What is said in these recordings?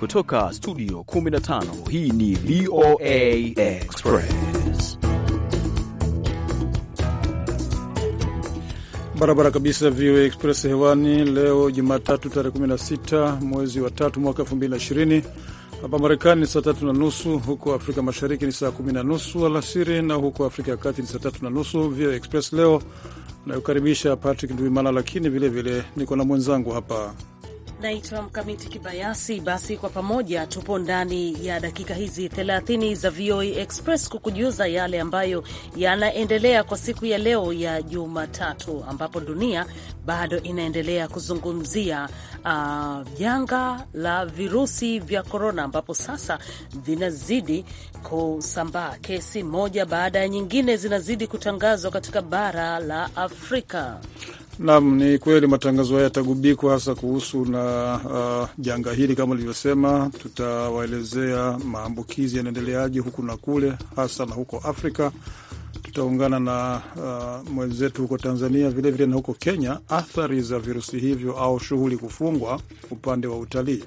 Kutoka studio 15 hii ni VOA Express barabara kabisa. VOA Express hewani leo Jumatatu tarehe 16 mwezi wa tatu mwaka 2020 hapa Marekani ni saa tatu na nusu, huko Afrika Mashariki ni saa kumi na nusu alasiri, na huko Afrika ya Kati ni saa tatu na nusu. VOA Express leo nayokaribisha Patrick Nduimana, lakini vilevile niko na mwenzangu hapa Naitwa Mkamiti Kibayasi. Basi kwa pamoja tupo ndani ya dakika hizi 30 za VOA e Express kukujuza yale ambayo yanaendelea kwa siku ya leo ya Jumatatu, ambapo dunia bado inaendelea kuzungumzia uh, janga la virusi vya korona, ambapo sasa vinazidi kusambaa, kesi moja baada ya nyingine zinazidi kutangazwa katika bara la Afrika. Naam, ni kweli matangazo haya yatagubikwa hasa kuhusu na uh, janga hili kama lilivyosema, tutawaelezea maambukizi yanaendeleaje huku na kule, hasa na huko Afrika. Tutaungana na uh, mwenzetu huko Tanzania vilevile vile na huko Kenya, athari za virusi hivyo au shughuli kufungwa upande wa utalii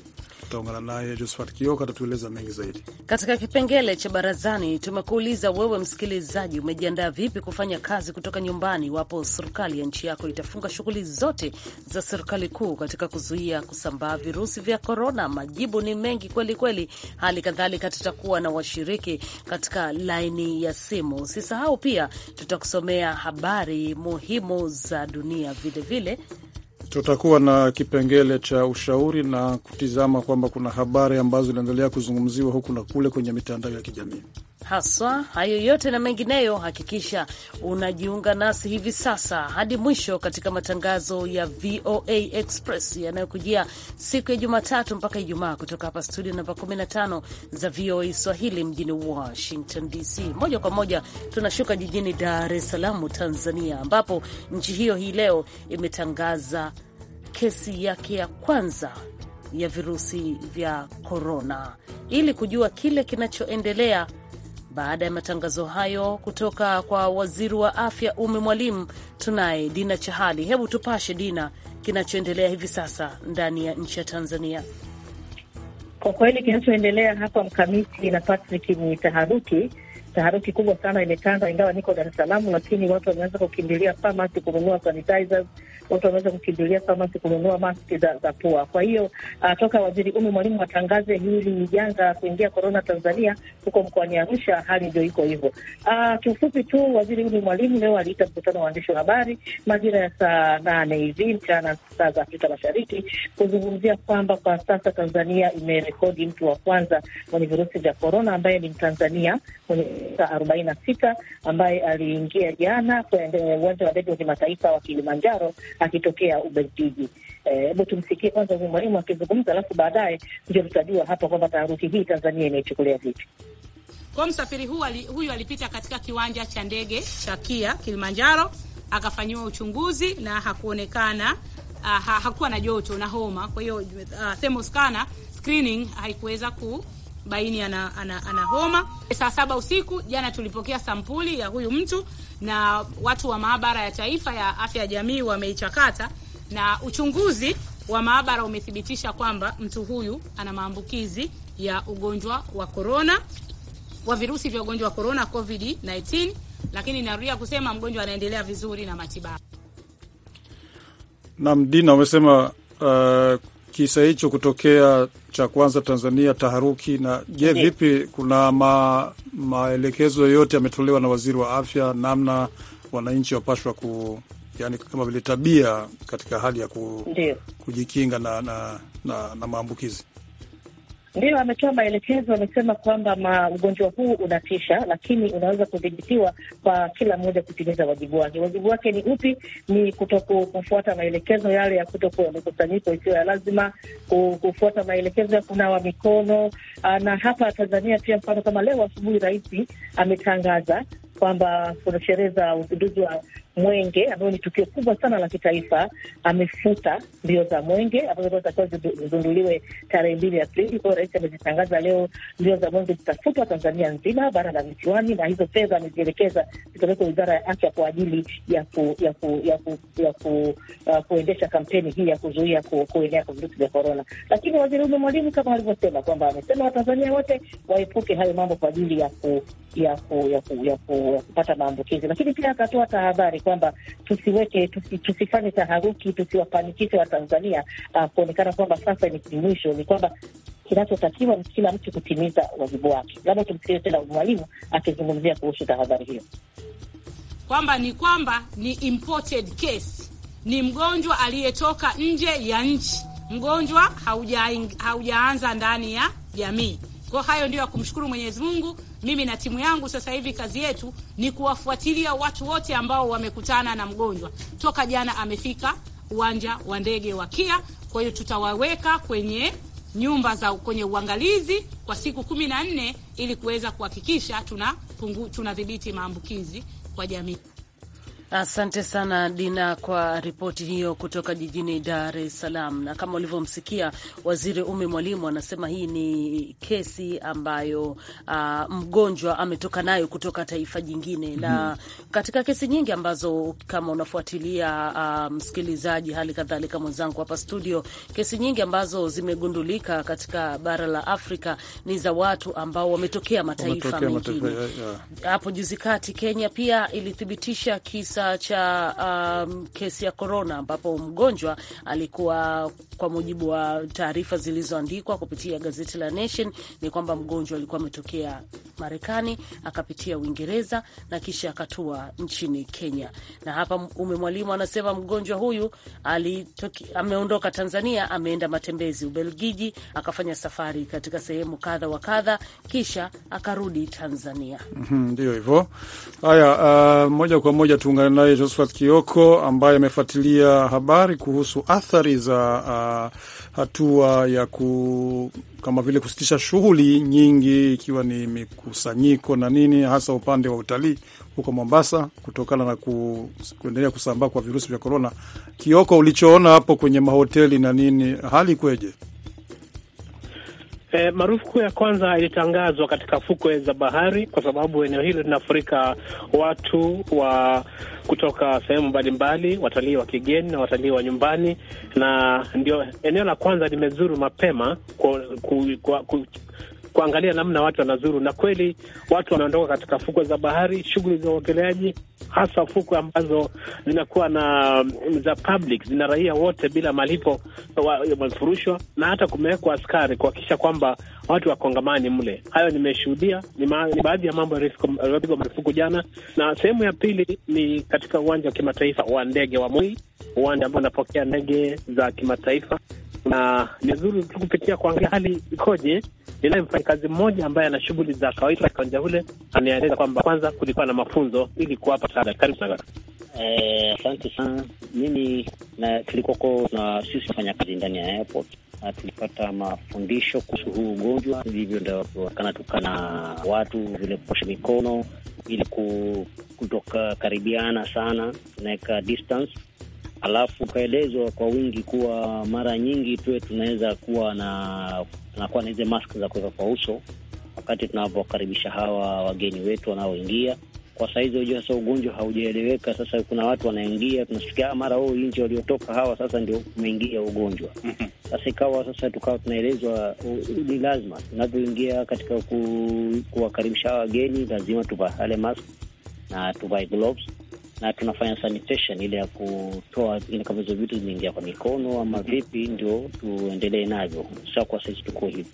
tutaungana naye Josphat Kioko atatueleza mengi zaidi. Katika kipengele cha barazani, tumekuuliza wewe msikilizaji, umejiandaa vipi kufanya kazi kutoka nyumbani iwapo serikali ya nchi yako itafunga shughuli zote za serikali kuu katika kuzuia kusambaa virusi vya korona? Majibu ni mengi kweli kweli. Hali kadhalika tutakuwa na washiriki katika laini ya simu. Usisahau pia tutakusomea habari muhimu za dunia vilevile vile tutakuwa na kipengele cha ushauri na kutizama kwamba kuna habari ambazo inaendelea kuzungumziwa huku na kule kwenye mitandao ya kijamii haswa. Hayo yote na mengineyo, hakikisha unajiunga nasi hivi sasa hadi mwisho katika matangazo ya VOA Express yanayokujia siku ya Jumatatu mpaka Ijumaa kutoka hapa studio namba 15 za VOA Swahili mjini Washington DC. Moja kwa moja tunashuka jijini Dar es Salaam, Tanzania, ambapo nchi hiyo hii leo imetangaza kesi yake ya kwanza ya virusi vya korona. Ili kujua kile kinachoendelea baada ya matangazo hayo kutoka kwa waziri wa afya ume Mwalimu, tunaye Dina Chahali. Hebu tupashe Dina, kinachoendelea hivi sasa ndani ya nchi ya Tanzania. Kwa kweli kinachoendelea hapa Mkamiti na Patrick ni taharuki taharuki kubwa sana imetanda, ingawa niko Dar es Salaam, lakini watu wameanza kukimbilia famasi kununua sanitizers, watu wameanza kukimbilia famasi kununua maski za, za pua. Kwa hiyo uh, toka waziri Umi Mwalimu atangaze hili janga kuingia korona Tanzania, huko mkoani Arusha hali ndio iko hivyo. Uh, kiufupi tu waziri Umi Mwalimu leo aliita mkutano wa waandishi wa habari majira ya saa nane hivi mchana, saa za Afrika Mashariki, kuzungumzia kwamba kwa sasa Tanzania imerekodi mtu wa kwanza mwenye virusi vya korona ambaye ni Mtanzania mwenye arobaini na sita ambaye aliingia jana kwenye uwanja wa ndege wa kimataifa wa Kilimanjaro akitokea Ubelgiji. Eh, hebu tumsikie kwanza huyu mwalimu akizungumza, alafu baadaye ndio tutajua hapa kwamba taharuki hii Tanzania imeichukulia vipi. Kwa msafiri huyu ali, huyu alipita katika kiwanja cha ndege cha KIA Kilimanjaro akafanyiwa uchunguzi na hakuonekana ah, ha, hakuwa na joto na homa, kwa hiyo uh, screening haikuweza ku baini ana, ana, ana homa. Saa saba usiku jana tulipokea sampuli ya huyu mtu na watu wa maabara ya taifa ya afya ya jamii wameichakata na uchunguzi wa maabara umethibitisha kwamba mtu huyu ana maambukizi ya ugonjwa wa korona wa virusi vya ugonjwa wa korona COVID 19, lakini narudia kusema mgonjwa anaendelea vizuri na matibabu. Mdina amesema uh, kisa hicho kutokea cha kwanza Tanzania, taharuki na je, vipi? Kuna ma, maelekezo yoyote yametolewa na waziri wa afya namna wananchi wapashwa ku yani kama vile tabia katika hali ya ku, kujikinga na, na, na, na maambukizi? Ndio, ametoa maelekezo, amesema kwamba ugonjwa huu unatisha, lakini unaweza kudhibitiwa kwa kila mmoja kutimiza wajibu wake. Wajibu wake ni upi? Ni kutoku, kufuata maelekezo yale ya kutokuwa mikusanyiko isiyo ya lazima, kufuata maelekezo ya kunawa mikono. Ah, na hapa Tanzania pia, mfano kama leo asubuhi, Rais ametangaza kwamba kuna sherehe za uzinduzi wa mwenge ambayo ni tukio kubwa sana la kitaifa, amefuta mbio za mwenge ambazo zinatakiwa zizunduliwe tarehe mbili Aprili. Kwa hiyo rais amezitangaza leo, mbio za mwenge zitafutwa Tanzania nzima, bara la visiwani, na hizo fedha amezielekeza zitawekwa wizara ya afya kwa ajili ya ku, ya ku, ya ku, ya ku, uh, kuendesha kampeni hii ya kuzuia ku, kuenea kwa virusi vya korona. Lakini waziri ume Mwalimu kama alivyosema kwamba amesema Watanzania wote waepuke hayo mambo kwa ajili ya ku, ya ku, ya ku, ya ku, ya kupata maambukizi, lakini pia akatoa tahadhari kwamba tusiweke tusi, tusifanye taharuki, tusiwapanikishe Watanzania uh, kuonekana kwamba sasa ni mwisho. Ni kwamba kinachotakiwa ni kila mtu kutimiza wajibu wake. Labda tumsikie tena mwalimu akizungumzia kuhusu tahadhari hiyo, kwamba ni kwamba ni imported case, ni mgonjwa aliyetoka nje ya nchi, mgonjwa haujaanza hauja ndani ya jamii. Kwa hayo ndio ya kumshukuru Mwenyezi Mungu mimi na timu yangu sasa hivi kazi yetu ni kuwafuatilia watu wote ambao wamekutana na mgonjwa toka jana amefika uwanja wa ndege wa Kia. Kwa hiyo tutawaweka kwenye nyumba za kwenye uangalizi kwa siku kumi na nne ili kuweza kuhakikisha tunadhibiti tuna maambukizi kwa jamii. Asante sana Dina kwa ripoti hiyo kutoka jijini Dar es Salaam. Na kama ulivyomsikia waziri Umi Mwalimu anasema hii ni kesi ambayo uh, mgonjwa ametoka nayo kutoka taifa jingine mm -hmm. Na katika kesi nyingi ambazo kama unafuatilia uh, msikilizaji, hali kadhalika mwenzangu hapa studio, kesi nyingi ambazo zimegundulika katika bara la Afrika ni za watu ambao wametokea mataifa mengine. Hapo juzi kati Kenya pia ilithibitisha kisa kisa cha um, kesi ya korona ambapo mgonjwa alikuwa, kwa mujibu wa taarifa zilizoandikwa kupitia gazeti la Nation, ni kwamba mgonjwa alikuwa ametokea Marekani, akapitia Uingereza na kisha akatua nchini Kenya. Na hapa Ume Mwalimu anasema mgonjwa huyu alitoki, ameondoka Tanzania, ameenda matembezi Ubelgiji, akafanya safari katika sehemu kadha wa kadha, kisha akarudi Tanzania. Mhm, ndio hivyo. Haya, uh, moja kwa moja tuungane naye Josphat Kioko ambaye amefuatilia habari kuhusu athari za uh, hatua ya ku kama vile kusitisha shughuli nyingi, ikiwa ni mikusanyiko na nini, hasa upande wa utalii huko Mombasa, kutokana na ku, kuendelea kusambaa kwa virusi vya korona. Kioko, ulichoona hapo kwenye mahoteli na nini, hali kweje? E, eh, marufuku ya kwanza ilitangazwa katika fukwe za bahari kwa sababu eneo hilo linafurika watu wa kutoka sehemu mbalimbali, watalii wa kigeni na watalii wa nyumbani, na ndio eneo la kwanza limezuru mapema kwa, ku, kwa, ku, kuangalia namna watu wanazuru, na kweli watu wanaondoka katika fukwe za bahari, shughuli za uogeleaji hasa fukwe ambazo zinakuwa na mm, za public, zina raia wote bila malipo wamefurushwa, na hata kumewekwa askari kuhakikisha kwamba watu wakongamani mle. Hayo nimeshuhudia, ni, ni baadhi ya mambo yaliyopigwa marufuku jana. Na sehemu ya pili ni katika uwanja wa kimataifa wa ndege wa Moi, uwanja ambao unapokea ndege za kimataifa na ni zuri tu kupitia kuangalia hali ikoje. Ninaye mfanyakazi mmoja ambaye ana shughuli za kawaida katika uwanja ule, anaeleza kwamba kwanza kulikuwa na mafunzo ili kuwapa daktari. Eh, asante sana. Mimi na tulikuwako na sisi wafanyakazi ndani ya airport na tulipata mafundisho kuhusu huu ugonjwa, hivyo ndio wakana tukana watu vile kuosha mikono ili karibiana sana, tunaweka distance alafu ukaelezwa kwa wingi kuwa mara nyingi tuwe tunaweza kuwa na tunakuwa na hizi mask za kuweka kwa uso wakati tunapowakaribisha hawa wageni wetu wanaoingia. Kwa saizi unajua, sasa ugonjwa haujaeleweka. Sasa kuna watu wanaingia, tunasikia ah, mara huu nje waliotoka hawa, sasa ndio umeingia ugonjwa. Sasa ikawa sasa tukawa tunaelezwa ni lazima tunavyoingia katika ku, kuwakaribisha hawa wageni lazima tuvae mask na tuvae gloves na tunafanya sanitation ile ya kutoa ile kama hizo vitu zimeingia kwa mikono ama mhm. vipi, ndio tuendelee navyo. Sa kwa saizi tuko hivyo,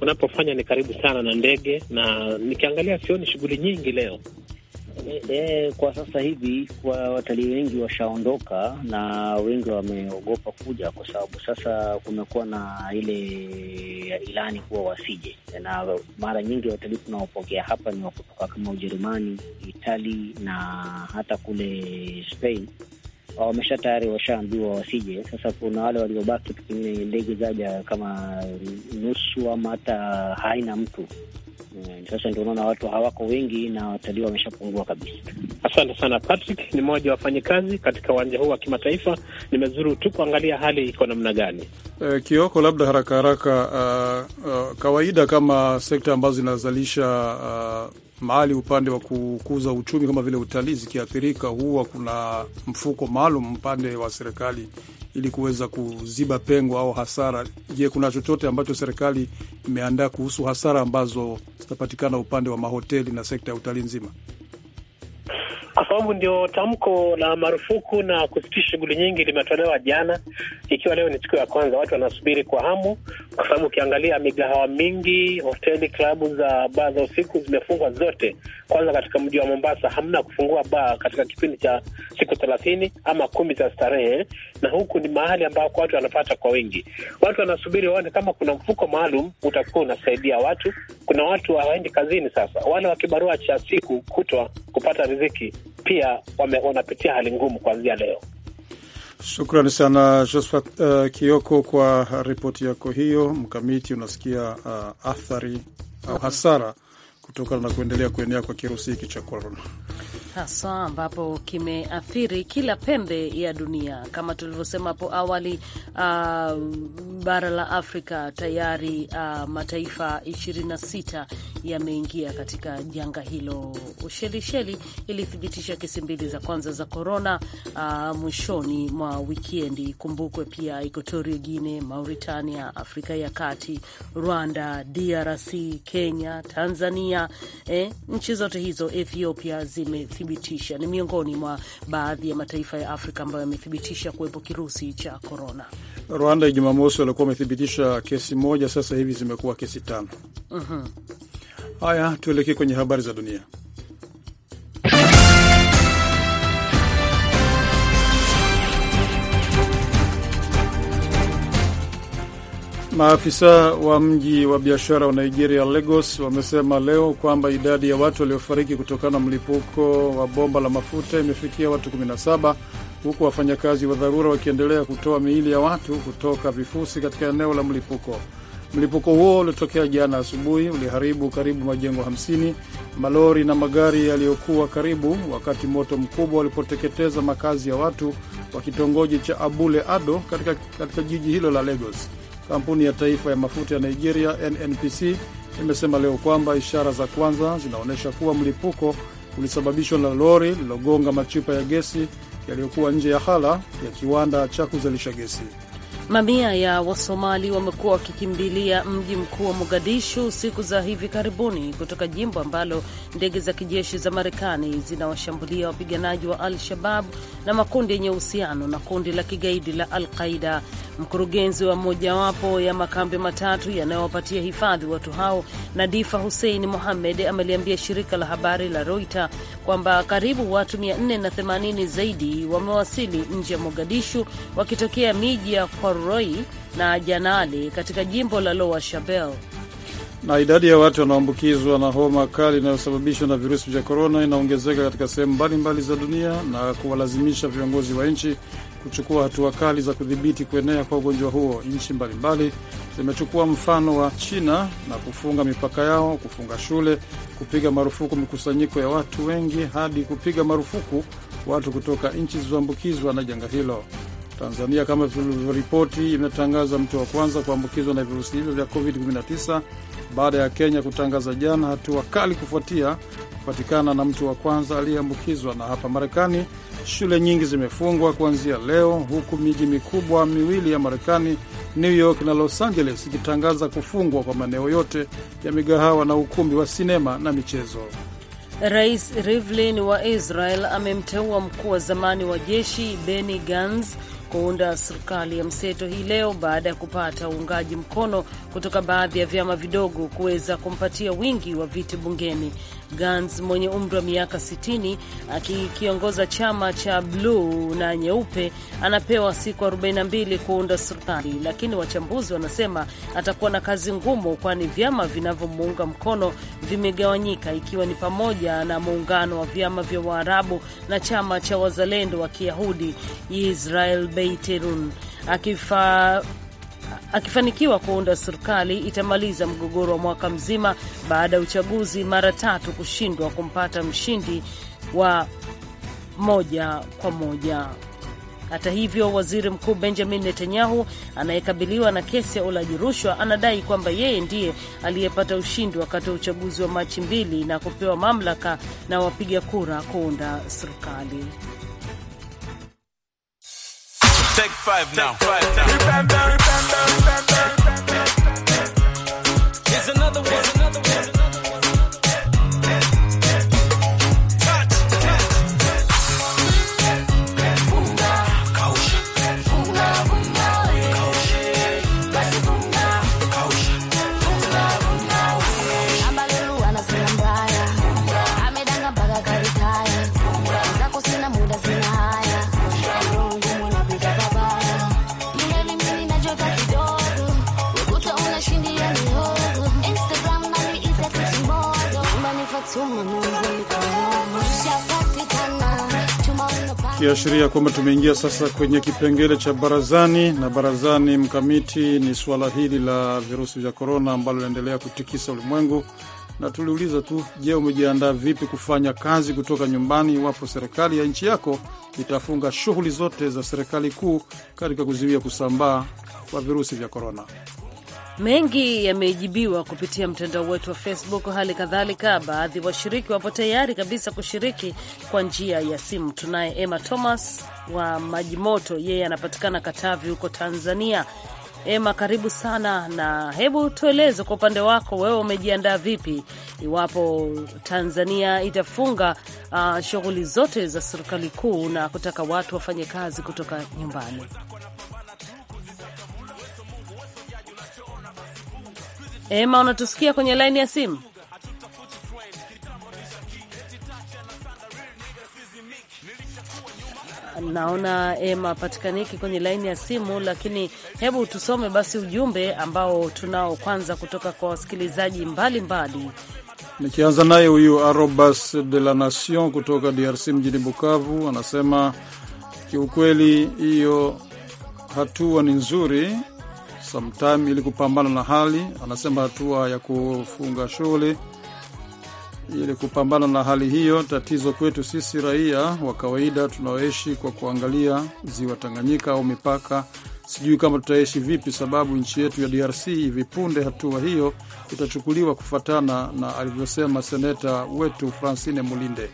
unapofanya ni karibu sana na ndege, na nikiangalia sioni shughuli nyingi leo E, e, kwa sasa hivi kwa watalii wengi washaondoka na wengi wameogopa kuja, kwa sababu sasa kumekuwa na ile ilani kuwa wasije, na mara nyingi watalii tunaopokea hapa ni wakutoka kama Ujerumani, Itali na hata kule Spain wamesha tayari washaambiwa wasije. Sasa kuna wale waliobaki, pengine ndege zaja kama nusu ama hata haina mtu sasa ndio unaona watu hawako wengi na watalii wameshapungua kabisa. Asante sana Patrick, ni mmoja wa wafanyikazi katika uwanja huu wa kimataifa. Nimezuru tu kuangalia hali iko namna gani. E, Kioko, labda haraka haraka, uh, uh, kawaida kama sekta ambazo zinazalisha uh, mahali upande wa kukuza uchumi kama vile utalii zikiathirika, huwa kuna mfuko maalum upande wa serikali ili kuweza kuziba pengo au hasara. Je, kuna chochote ambacho serikali imeandaa kuhusu hasara ambazo zitapatikana upande wa mahoteli na sekta ya utalii nzima? kwa sababu ndio tamko la marufuku na kusitisha shughuli nyingi limetolewa jana, ikiwa leo ni siku ya kwanza. Watu wanasubiri kwa hamu, kwa sababu ukiangalia migahawa mingi, hoteli, klabu za baa za usiku zimefungwa zote. Kwanza katika mji wa Mombasa hamna kufungua baa katika kipindi cha siku thelathini ama kumi za starehe, na huku ni mahali ambako watu wanapata kwa wingi. Watu wanasubiri waone kama kuna mfuko maalum utakuwa unasaidia watu. Kuna watu hawaendi kazini, sasa wale wa kibarua cha siku kutwa kupata riziki pia wame, wanapitia hali ngumu kuanzia leo. Shukrani sana Josphat uh, Kioko kwa ripoti yako hiyo. Mkamiti, unasikia uh, athari au hasara kutokana na kuendelea kuenea kwa kirusi hiki cha korona haswa ambapo kimeathiri kila pembe ya dunia kama tulivyosema hapo awali. Uh, bara la Afrika tayari uh, mataifa 26 yameingia katika janga hilo. Ushelisheli ilithibitisha kesi mbili za kwanza za korona uh, mwishoni mwa wikiendi kumbukwe pia Equatorio Guine, Mauritania, Afrika ya Kati, Rwanda, DRC, Kenya, Tanzania, eh, nchi zote hizo Ethiopia zime kuthibitisha. ni miongoni mwa baadhi ya mataifa ya Afrika ambayo yamethibitisha kuwepo kirusi cha korona. Rwanda Jumamosi walikuwa wamethibitisha kesi moja, sasa hivi zimekuwa kesi tano. Mhm. Haya, tuelekee kwenye habari za dunia. Maafisa wa mji wa biashara wa Nigeria, Lagos, wamesema leo kwamba idadi ya watu waliofariki kutokana na mlipuko wa bomba la mafuta imefikia watu 17 huku wafanyakazi wa dharura wakiendelea kutoa miili ya watu kutoka vifusi katika eneo la mlipuko. Mlipuko huo uliotokea jana asubuhi uliharibu karibu majengo 50, malori na magari yaliyokuwa karibu, wakati moto mkubwa walipoteketeza makazi ya watu wa kitongoji cha Abule Ado katika, katika jiji hilo la Lagos. Kampuni ya taifa ya mafuta ya Nigeria, NNPC, imesema leo kwamba ishara za kwanza zinaonyesha kuwa mlipuko ulisababishwa na lori lilogonga machupa ya gesi yaliyokuwa nje ya hala ya kiwanda cha kuzalisha gesi. Mamia ya Wasomali wamekuwa wakikimbilia mji mkuu wa Mogadishu siku za hivi karibuni kutoka jimbo ambalo ndege za kijeshi za Marekani zinawashambulia wapiganaji wa Al-Shabab na makundi yenye uhusiano na kundi la kigaidi la Al-Qaida. Mkurugenzi wa mojawapo ya makambi matatu yanayowapatia hifadhi watu hao, Nadifa Hussein Mohamed, ameliambia shirika la habari la Reuters kwamba karibu watu 480 zaidi wamewasili nje ya Mogadishu wakitokea miji ya Roy na janali katika jimbo la Lower Shabelle. Na idadi ya watu wanaoambukizwa na homa kali inayosababishwa na virusi vya korona inaongezeka katika sehemu mbalimbali za dunia na kuwalazimisha viongozi wa nchi kuchukua hatua kali za kudhibiti kuenea kwa ugonjwa huo. Nchi mbalimbali zimechukua mfano wa China na kufunga mipaka yao, kufunga shule, kupiga marufuku mikusanyiko ya watu wengi, hadi kupiga marufuku watu kutoka nchi zilizoambukizwa na janga hilo. Tanzania kama tulivyoripoti, imetangaza mtu wa kwanza kuambukizwa na virusi hivyo vya COVID-19 baada ya Kenya kutangaza jana hatua kali kufuatia kupatikana na mtu wa kwanza aliyeambukizwa. Na hapa Marekani, shule nyingi zimefungwa kuanzia leo, huku miji mikubwa miwili ya Marekani, New York na Los Angeles, ikitangaza kufungwa kwa maeneo yote ya migahawa na ukumbi wa sinema na michezo. Rais Rivlin wa Israel amemteua mkuu wa zamani wa jeshi Benny Gantz kuunda serikali ya mseto hii leo baada ya kupata uungaji mkono kutoka baadhi ya vyama vidogo kuweza kumpatia wingi wa viti bungeni. Gans mwenye umri wa miaka 60 akikiongoza chama cha bluu na nyeupe anapewa siku 42 kuunda serikali, lakini wachambuzi wanasema atakuwa na kazi ngumu, kwani vyama vinavyomuunga mkono vimegawanyika, ikiwa ni pamoja na muungano wa vyama vya Waarabu na chama cha wazalendo wa Kiyahudi Israel Beiterun akifa akifanikiwa kuunda serikali itamaliza mgogoro wa mwaka mzima baada ya uchaguzi mara tatu kushindwa kumpata mshindi wa moja kwa moja. Hata hivyo, waziri mkuu Benjamin Netanyahu anayekabiliwa na kesi ya ulaji rushwa anadai kwamba yeye ndiye aliyepata ushindi wakati wa uchaguzi wa Machi mbili na kupewa mamlaka na wapiga kura kuunda serikali. Take five now. five now. ikiashiria kwamba tumeingia sasa kwenye kipengele cha barazani na barazani mkamiti ni suala hili la virusi vya korona ambalo linaendelea kutikisa ulimwengu, na tuliuliza tu, je, umejiandaa vipi kufanya kazi kutoka nyumbani iwapo serikali ya nchi yako itafunga shughuli zote za serikali kuu katika kuzuia kusambaa kwa virusi vya korona? Mengi yamejibiwa kupitia mtandao wetu wa Facebook. Hali kadhalika, baadhi ya washiriki wapo tayari kabisa kushiriki kwa njia ya simu. Tunaye Emma Thomas wa Majimoto, yeye anapatikana Katavi huko Tanzania. Emma, karibu sana, na hebu tueleze kwa upande wako, wewe umejiandaa vipi iwapo Tanzania itafunga uh, shughuli zote za serikali kuu na kutaka watu wafanye kazi kutoka nyumbani? ema unatusikia kwenye laini ya simu? Naona ema patikaniki kwenye laini ya simu, lakini hebu tusome basi ujumbe ambao tunao kwanza kutoka kwa wasikilizaji mbalimbali, nikianza naye huyu Arobas de la Nation kutoka DRC mjini Bukavu, anasema kiukweli hiyo hatua ni nzuri sometime ili kupambana na hali. Anasema hatua ya kufunga shule ili kupambana na hali hiyo. Tatizo kwetu sisi raia wa kawaida tunaoishi kwa kuangalia ziwa Tanganyika au mipaka, sijui kama tutaishi vipi, sababu nchi yetu ya DRC hivi punde hatua hiyo itachukuliwa kufuatana na alivyosema seneta wetu Francine Mulinde.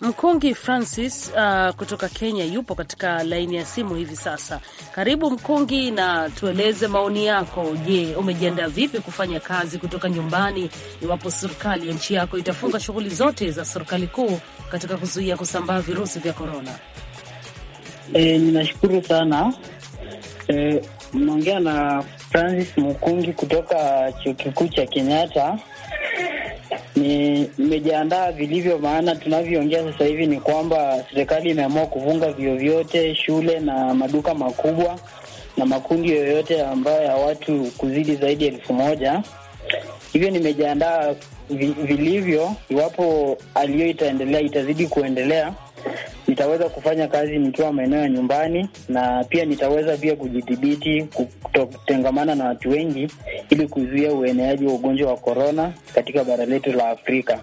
Mkungi Francis uh, kutoka Kenya yupo katika laini ya simu hivi sasa. Karibu Mkungi, na tueleze maoni yako. Je, umejiandaa vipi kufanya kazi kutoka nyumbani iwapo serikali ya nchi yako itafunga shughuli zote za serikali kuu katika kuzuia kusambaa virusi vya korona? E, eh, ninashukuru sana e, eh, mnaongea na Francis Mkungi kutoka chuo kikuu cha Kenyatta. Nimejiandaa vilivyo, maana tunavyoongea sasa hivi ni kwamba serikali imeamua kuvunga vio vyote, shule na maduka makubwa na makundi yoyote ambayo ya watu kuzidi zaidi ya elfu moja. Hivyo nimejiandaa vilivyo, iwapo aliyo itaendelea itazidi kuendelea nitaweza kufanya kazi nikiwa maeneo ya nyumbani, na pia nitaweza pia kujidhibiti, kutotengamana na watu wengi, ili kuzuia ueneaji wa ugonjwa wa korona katika bara letu la Afrika.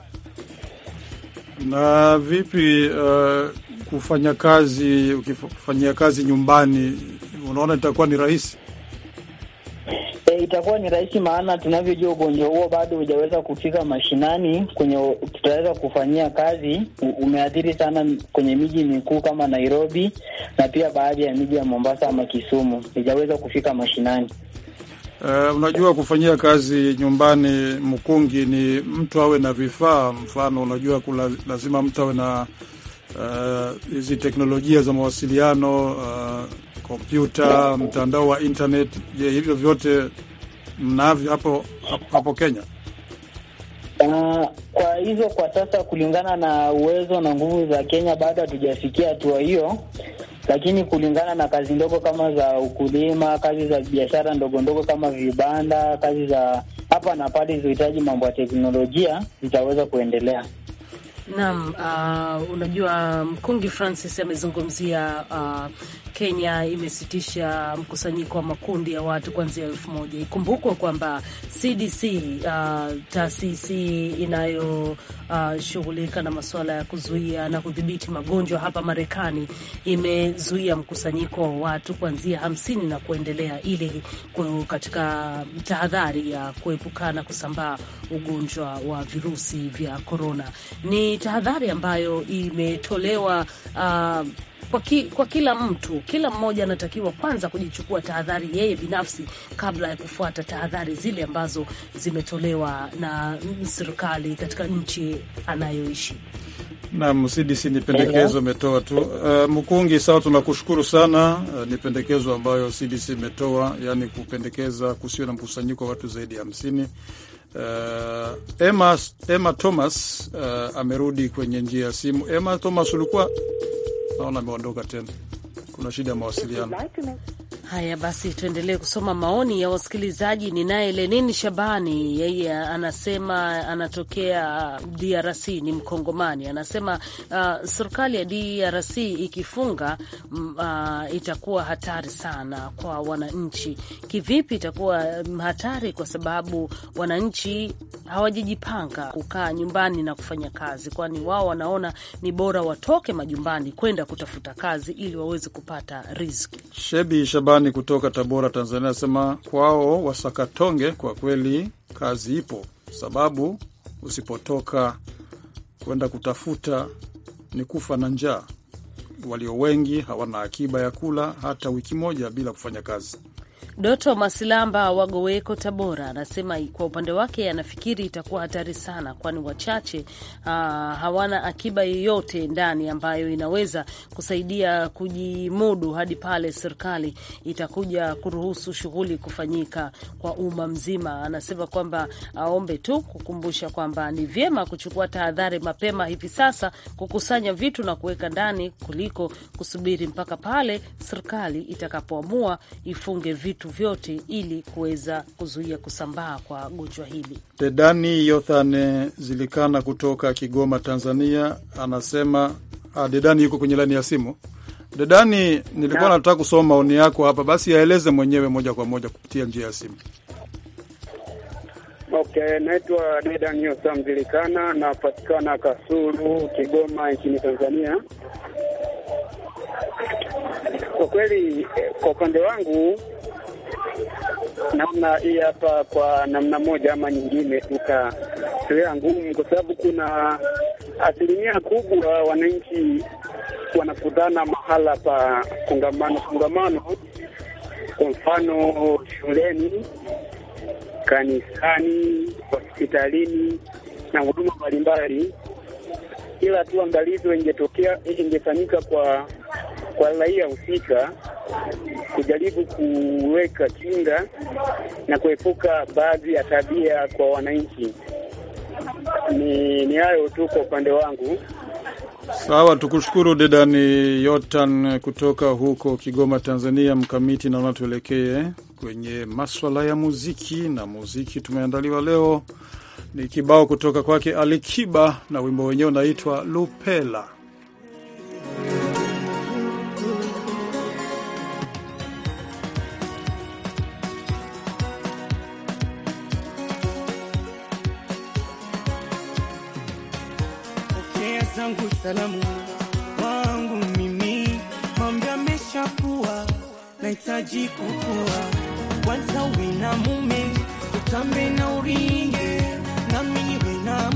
Na vipi, uh, kufanya kazi ukifanyia kazi nyumbani, unaona itakuwa ni rahisi? E, itakuwa ni rahisi, maana tunavyojua ugonjwa huo bado hujaweza kufika mashinani kwenye tutaweza kufanyia kazi. Umeathiri sana kwenye miji mikuu kama Nairobi na pia baadhi ya miji ya Mombasa ama Kisumu, ijaweza kufika mashinani. Uh, unajua kufanyia kazi nyumbani mkungi ni mtu awe na vifaa. Mfano, unajua kula, lazima mtu awe na eh, hizi uh, teknolojia za mawasiliano uh, kompyuta, mtandao wa internet. Je, hivyo vyote mnavyo hapo hapo Kenya? Uh, kwa hizo kwa sasa, kulingana na uwezo na nguvu za Kenya, bado hatujafikia hatua hiyo, lakini kulingana na kazi ndogo kama za ukulima, kazi za biashara ndogo ndogo kama vibanda, kazi za hapa na pale zilizohitaji mambo ya teknolojia zitaweza kuendelea. Naam, uh, unajua Mkungi Francis amezungumzia uh, Kenya imesitisha mkusanyiko wa makundi ya watu kuanzia elfu moja. Ikumbukwa kwamba CDC uh, taasisi inayoshughulika uh, na masuala ya kuzuia na kudhibiti magonjwa hapa Marekani imezuia mkusanyiko wa watu kuanzia hamsini na kuendelea, ili katika tahadhari ya kuepukana kusambaa ugonjwa wa virusi vya korona. Ni tahadhari ambayo imetolewa uh, kwa, ki, kwa kila mtu, kila mmoja anatakiwa kwanza kujichukua tahadhari yeye binafsi kabla ya kufuata tahadhari zile ambazo zimetolewa na serikali katika nchi anayoishi. Naam, CDC ni pendekezo imetoa tu. Uh, Mkungi, sawa, tunakushukuru sana. Uh, ni pendekezo ambayo CDC imetoa, yaani kupendekeza kusiwe na mkusanyiko wa watu zaidi ya hamsini. Uh, Emma, Emma Thomas uh, amerudi kwenye njia ya simu. Emma Thomas, ulikuwa naona ameondoka tena kuna shida ya mawasiliano. Haya basi, tuendelee kusoma maoni ya wasikilizaji. Ninaye Lenini Shabani, yeye anasema anatokea DRC, ni Mkongomani. Anasema uh, serikali ya DRC ikifunga uh, itakuwa hatari sana kwa wananchi. Kivipi itakuwa mm, hatari? Kwa sababu wananchi hawajijipanga kukaa nyumbani na kufanya kazi, kwani wao wanaona ni bora watoke majumbani kwenda kutafuta kazi ili waweze kupata riziki. Shebi Shabani kutoka Tabora, Tanzania anasema kwao wasakatonge, kwa kweli kazi ipo, sababu usipotoka kwenda kutafuta ni kufa na njaa. Walio wengi hawana akiba ya kula hata wiki moja bila kufanya kazi. Doto Masilamba wa Goweko, Tabora, anasema kwa upande wake anafikiri itakuwa hatari sana, kwani wachache aa, ah, hawana akiba yoyote ndani ambayo inaweza kusaidia kujimudu hadi pale serikali itakuja kuruhusu shughuli kufanyika kwa umma mzima. Anasema kwamba aombe tu kukumbusha kwamba ni vyema kuchukua tahadhari mapema hivi sasa, kukusanya vitu na kuweka ndani kuliko kusubiri mpaka pale serikali itakapoamua ifunge vitu vitu vyote ili kuweza kuzuia kusambaa kwa gonjwa hili. Dedani Yothane Zilikana kutoka Kigoma, Tanzania, anasema Dedani ah, yuko kwenye laini ya simu. Dedani, nilikuwa nataka kusoma maoni yako hapa, basi yaeleze mwenyewe moja kwa moja kupitia njia ya simu. Okay, naitwa Dedan Yosam Zilikana, napatikana Kasulu, Kigoma nchini Tanzania. Kwa kweli, eh, kwa upande wangu namna hii hapa, kwa namna moja ama nyingine, tukawea ngumu, kwa sababu kuna asilimia kubwa wananchi wanakutana mahala pa kongamano kongamano, kwa mfano shuleni, kanisani, hospitalini na huduma mbalimbali, ila tu angalizo ingetokea ingefanyika kwa kwa raia husika kujaribu kuweka kinga na kuepuka baadhi ya tabia kwa wananchi. Ni ni hayo tu kwa upande wangu. Sawa, tukushukuru Dedani Yotan kutoka huko Kigoma, Tanzania. Mkamiti, naona tuelekee kwenye maswala ya muziki, na muziki tumeandaliwa leo ni kibao kutoka kwake Alikiba na wimbo wenyewe unaitwa Lupela. yangu salamu wangu mimi mambo yameshakuwa, nahitaji kukua kwanza, uwe na mume utambe na uringe mimi niwe na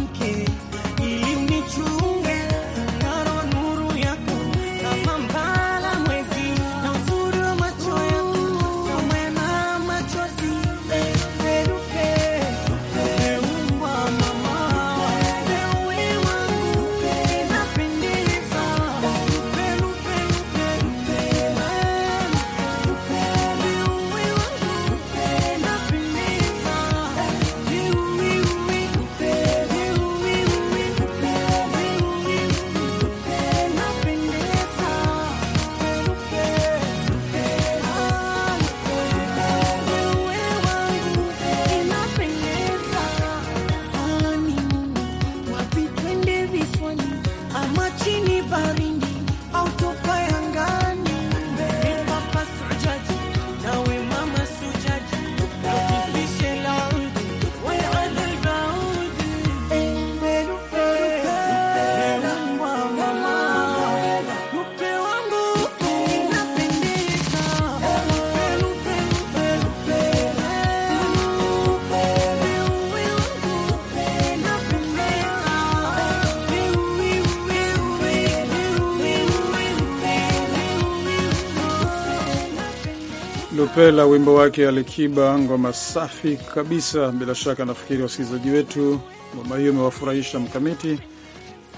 Mandela, wimbo wake Alikiba, ngoma safi kabisa. Bila shaka nafikiri wasikilizaji wetu ngoma hiyo imewafurahisha. Mkamiti,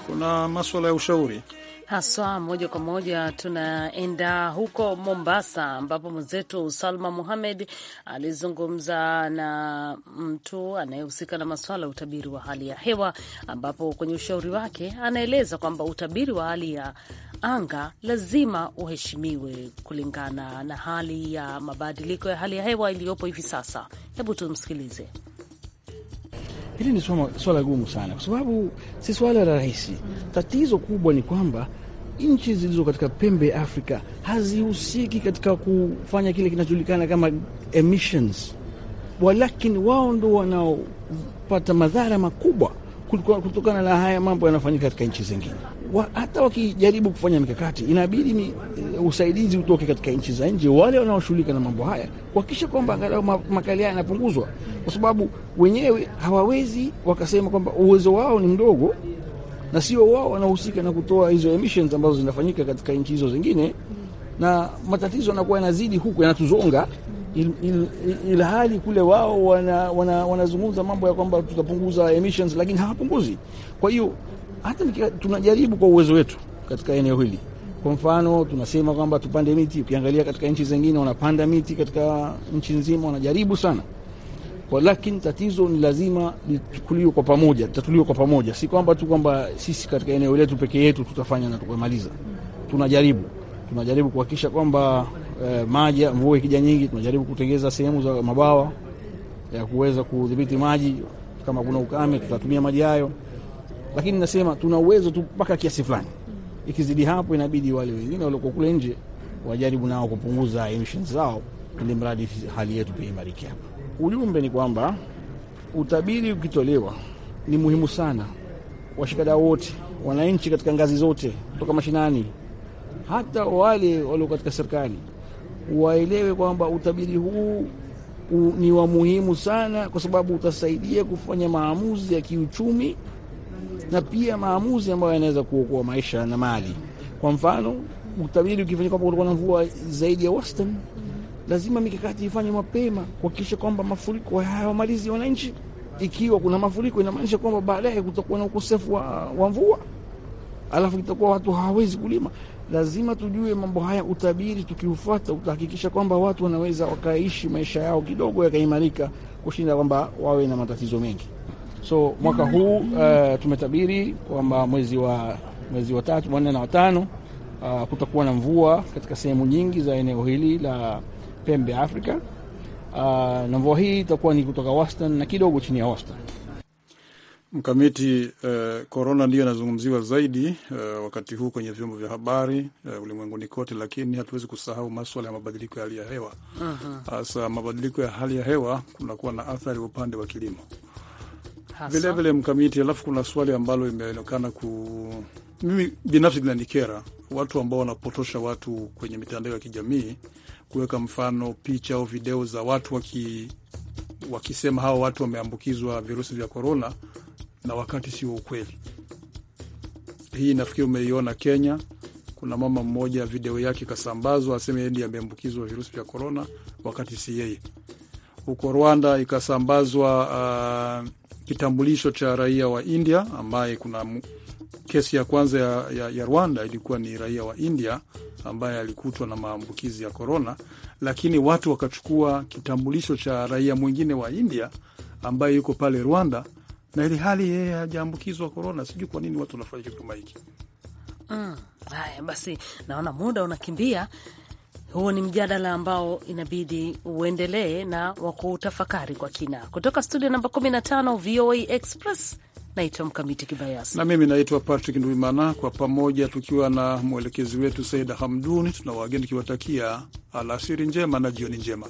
kuna maswala ya ushauri haswa moja kwa moja tunaenda huko Mombasa, ambapo mwenzetu Salma Muhamed alizungumza na mtu anayehusika na maswala ya utabiri wa hali ya hewa, ambapo kwenye ushauri wake anaeleza kwamba utabiri wa hali ya anga lazima uheshimiwe kulingana na hali ya mabadiliko ya hali ya hewa iliyopo hivi sasa. Hebu tumsikilize. Hili ni swala gumu sana, kwa sababu si swala la rahisi. Tatizo kubwa ni kwamba nchi zilizo katika pembe ya Afrika hazihusiki katika kufanya kile kinachojulikana kama emissions, walakini wao ndo wanaopata madhara makubwa kutokana na haya mambo yanayofanyika katika nchi zingine. Wa, hata wakijaribu kufanya mikakati inabidi mi, uh, eh, usaidizi utoke katika nchi za nje, wale wanaoshughulika na mambo haya kuhakikisha kwamba angalau makali haya yanapunguzwa, kwa sababu wenyewe hawawezi wakasema kwamba uwezo wao ni mdogo na sio wao wanahusika na kutoa hizo emissions ambazo zinafanyika katika nchi hizo zingine, na matatizo yanakuwa yanazidi huku yanatuzonga il, il, il, ilhali kule wao wanazungumza wana, wana mambo ya kwamba tutapunguza emissions lakini hawapunguzi. Kwa hiyo hata tunajaribu kwa uwezo wetu katika eneo hili. Kwa mfano tunasema kwamba tupande miti, ukiangalia katika nchi zingine wanapanda miti katika nchi nzima, wanajaribu sana kwa, lakini tatizo ni lazima lichukuliwe kwa pamoja, litatuliwe kwa pamoja, si kwamba tu kwamba sisi katika eneo letu peke yetu tutafanya na tukamaliza. Tunajaribu tunajaribu kuhakikisha kwamba eh, maji mvua ikija nyingi, tunajaribu kutengeza sehemu za mabawa ya kuweza kudhibiti maji. Kama kuna ukame, tutatumia maji hayo, lakini nasema tuna uwezo tu mpaka kiasi fulani. Ikizidi hapo, inabidi wale wengine walioko kule nje wajaribu nao kupunguza emissions zao, ili mradi hali yetu pia imarike hapa. Ujumbe ni kwamba utabiri ukitolewa ni muhimu sana, washikadau wote, wananchi katika ngazi zote, kutoka mashinani hata wale walio katika serikali waelewe kwamba utabiri huu ni wa muhimu sana, kwa sababu utasaidia kufanya maamuzi ya kiuchumi na pia maamuzi ambayo yanaweza kuokoa maisha na mali. Kwa mfano, utabiri ukifanya kwamba kutakuwa na mvua zaidi ya wastani lazima mikakati ifanye mapema kuhakikisha kwamba mafuriko hayawamalizi wananchi. Ikiwa kuna mafuriko, inamaanisha kwamba baadaye kutakuwa na ukosefu wa, wa mvua, alafu itakuwa watu hawawezi kulima. Lazima tujue mambo haya. Utabiri tukiufuata utahakikisha kwamba watu wanaweza wakaishi maisha yao kidogo yakaimarika, kushinda kwamba wawe na matatizo mengi. So mwaka huu uh, tumetabiri kwamba mwezi wa mwezi wa tatu, wanne na watano uh, ah, kutakuwa na mvua katika sehemu nyingi za eneo hili la pembe ya Afrika. Uh, na mvua hii itakuwa ni kutoka wastani na kidogo chini ya wastani mkamiti. Korona eh, uh, ndiyo inazungumziwa zaidi uh, wakati huu kwenye vyombo vya habari uh, ulimwenguni kote, lakini hatuwezi kusahau maswala ya mabadiliko ya hali ya hewa. Sasa uh -huh. mabadiliko ya hali ya hewa kunakuwa na athari upande wa kilimo vilevile vile mkamiti. Alafu kuna swali ambalo imeonekana ku mimi binafsi linanikera, watu ambao wanapotosha watu kwenye mitandao ya kijamii kuweka mfano picha au video za watu waki, wakisema hawa watu wameambukizwa virusi vya korona na wakati sio ukweli. Hii nafikiri umeiona Kenya. Kuna mama mmoja video yake ikasambazwa aseme yeye ndiye ameambukizwa virusi vya korona wakati si yeye. Huko Rwanda ikasambazwa uh, kitambulisho cha raia wa India ambaye kuna Kesi ya kwanza ya, ya, ya Rwanda ilikuwa ni raia wa India ambaye alikutwa na maambukizi ya korona, lakini watu wakachukua kitambulisho cha raia mwingine wa India ambaye yuko pale Rwanda na ili hali yeye hajaambukizwa korona. Sijui kwa nini watu wanafanya kitu kama hiki. Mm, basi, naona muda unakimbia. Huo ni mjadala ambao inabidi uendelee na wa kuutafakari kwa kina. Kutoka studio namba 15 VOA Express. Naitwa Mkamiti Kibayasi na mimi naitwa Patrick Nduimana, kwa pamoja tukiwa na mwelekezi wetu Saida Hamduni, tuna wageni kiwatakia alasiri njema na jioni njema.